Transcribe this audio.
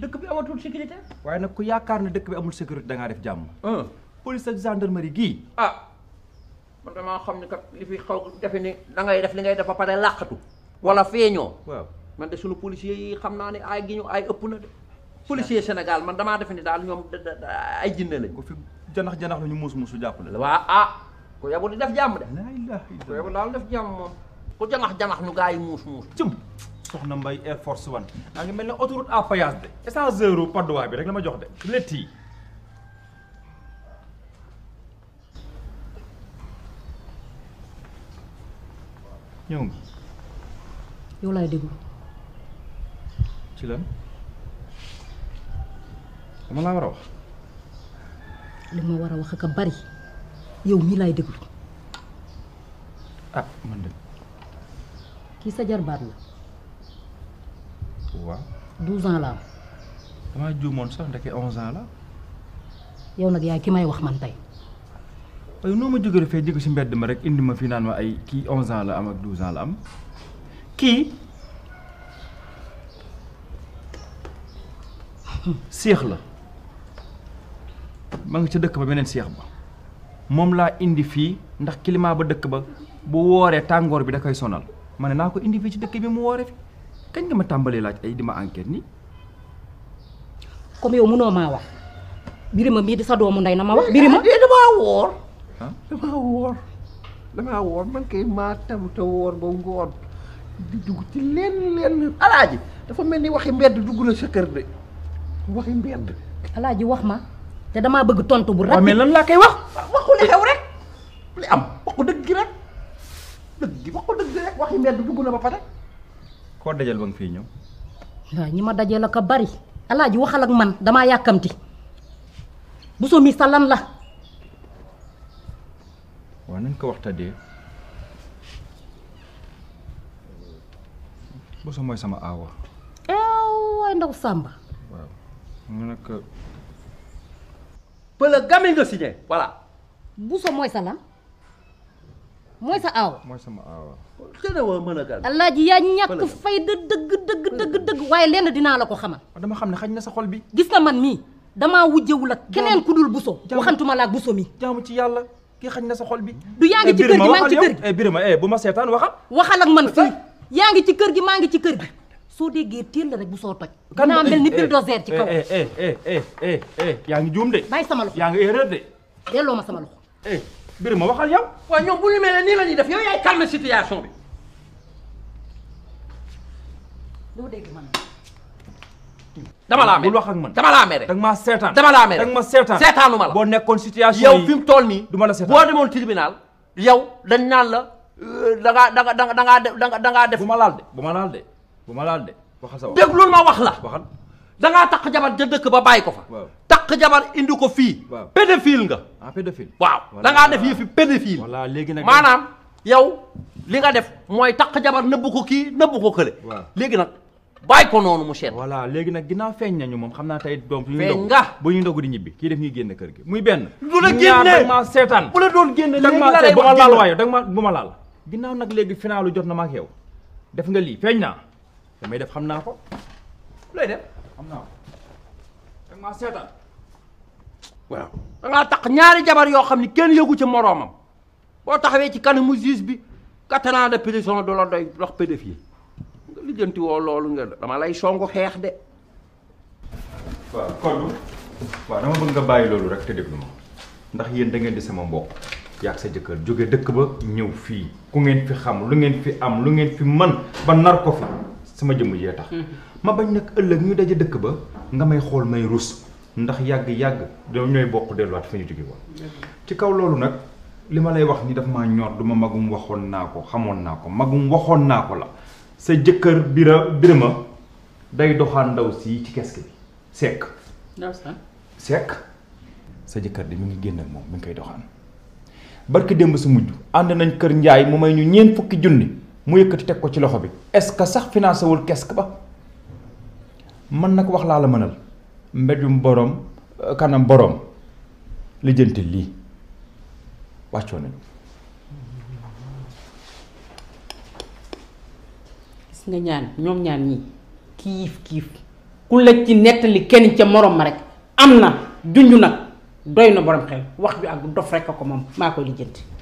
dëkk bi amatul sécurité. waaye nag ku yaakaar ne dëkk bi amul sécurité da ngaa def jàmm. police ak gendarmerie gii. ah man damaa xam ne kat li fi xaw defe ni da ngay def li ngay def ba pare làqatu. wala feeñoo. waaw man de sunu policiers yi xam naa ne ay gi ñu ay ëpp na de. policier Sénégal man damaa defe ni daal ñoom ay jinne lañ. ko fi janax janax la ñu muus muusu jàppale. waa ah ku yabu di def jàmm de. la ilaha daal def jàmm moom. ku janax janax soxna mbay Air Force One maa ngi mel ne autoroute à péage de essence euro paduwaay bi rek la ma jox de létt yi ñëw nga yow laay déglu ci lan dama laa war a wax li ma war a wax ak bari yow mii laay déglu ah man de kii sa jarbaat la quoi. 12 ans la am. damaa juumoon sax ndeke 11 ans la. yow nag yaay ki may wax man tey. ay noo ma jógee fee jóge si mbedd ma rek indi ma fi naan ma ay kii 11 ans la am ak 12 ans la am kii seex la ma ngi ca dëkk ba beneen seex ba moom laa indi fii ndax climat ba dëkk ba bu wooree tàngoor bi da koy sonal ma ne naa ko indi fii ci dëkk bi mu woore kañ nga ma tàmbalee laaj ay di ma enquête ni comme yow mënoo maa wax birima mii di sa doomu ndey na ma wax birima eh, eh, damaa woor damaa woor damaa woor man kay maa tamta woor ba ngoon di dugg ci lenn lenn alaaji dafa mel ni waxi mbedd dugg na sa kër de waxi mbedd alaaji wax ma te damaa bëgg tontu bu rafet mais lan laa koy wax waxu li eh, xew rek li am waxu dëgg gi rek dëgg gi waxu dëgg gi rek waxi mbedd dugg na ba pare koo dajal ba nga fii ñëw. waaw ñi ma dajee la ko bari alaaji waxal ak man damaa yàkkamti bu mi sa lan la. nañ ko waxtaanee bu soo mooy sama aawa. waay ndaw Samba. waaw mu nekk. pël gamel nga signé voilà. bu soo mooy sa lan. mooy sa aaw mooy sama aaw. wa mën alaaji yaa ñàkk fayda dëgg dëgg dëgg dëgg waaye lenn dinaa la ko xamal. Oh, dama xam ne xaj na sa xol bi. gis na man mii damaa wujjewul ak keneen ku dul buso. waxantuma la ak buso mi. jaamu ci yàlla kii xaj na sa xol bi. du yaa ngi eh, ci kër gi maa ngi ci kër gi eh, Birima eh, bu ma seetaan waxal. waxal ak man fii yaa ngi ci kër gi maa ngi ci kër gi. soo déggee teel la rek bu soo toj. kan naa mel ni bulldozer ci kaw. yaa ngi juum de. bàyyi sama loxo yaa ngi erreur de. delloo ma sama loxo. mbir ma waxal yow. waaw ñoom bu ñu mel nii la ñuy def yow yaay calme situation bi. doo dégg man. dama laa mere bul wax ak man dama laa mere. da nga maa seetaan dama laa mere da nga ma seetaan seetaanu ma la. boo nekkoon situation yow fi mu toll nii. du ma la seetaan boo demoon tribunal. yow dañ naan la euh, da ngaa da ngaa da ngaa da ngaa def. bu ma laal de bu ma laal de bu ma laal de waxal sa wax. dégg loolu ma wax la waxal. dangaa takk jabar ja dëkk ba bàyyi ko fa. takk jabar indi ko fii. waaw pédophile nga. ah pédophile waaw dangaa def yëfi pédophile. voilà léegi nag maanaam yow li nga def mooy takk jabar nëbbu ko kii nëbbu ko kële. léegi nag bàyyi ko noonu mu seet. voilà léegi nag ginnaaw feeñ nañu moom xam naa tey doom. feeñ nga bu ñuy ndogu di ñibbi kii def ñuy génn kër gi muy benn. du la génne ñaar ma seetaan. bu la doon génne léegi la lay ma laal waaye dag laal. ginnaaw nag léegi finaalu jot na ma def nga lii feeñ naa damay def xam naa ko looy def xam naa ko maa waaw da ngaa tax ñaari jabar yoo xam ni kenn yëgu ci moroomam boo taxawee ci kanamu juge bi quatre ans de prison du la doy dox pédophile nga lijjanti woo loolu nga dama lay songu xeex de. waaw kon waaw dama bëgg nga bàyyi loolu rek te déglu ma ndax yéen da ngeen di sama mbokk yaag sa jëkkër jóge dëkk ba ñëw fii ku ngeen fi xam lu ngeen fi am lu ngeen fi man ba nar ko fi. sama jëmm jee tax hmm. ma bañ nag ëllëg ñu daja dëkk ba nga may xool may rus ndax yàgg-yàgg da ñooy bokk delluwaat fa ñu jóge hmm. ci kaw loolu nag li ma lay wax ni dafa ma ñor du ma magum waxoon naa ko xamoon naa ko magum waxoon naa ko la sa jëkkër bira ma day doxaan ndaw si ci kesk bi sekk sekk sa jëkkër di mi ngi génn ak moom mi ngi koy doxaan barki démb su mujj ànd nañ kër njaay mu may ñu ñeent fukki junni mu yëkkati teg ko ci loxo bi est-ce que sax financé wul kesk ba man nag wax laa la mënal mbéjum boroom euh, kanam boroom lijjanti lii wàccoo nañu gis nga ñaan ñoom ñaan ñi kiif kiif ku la ci nettali kenn ca moroom ma rek am na junj nag doy na boroom xel wax ju ak dof rekk ko moom maa koy lijjanti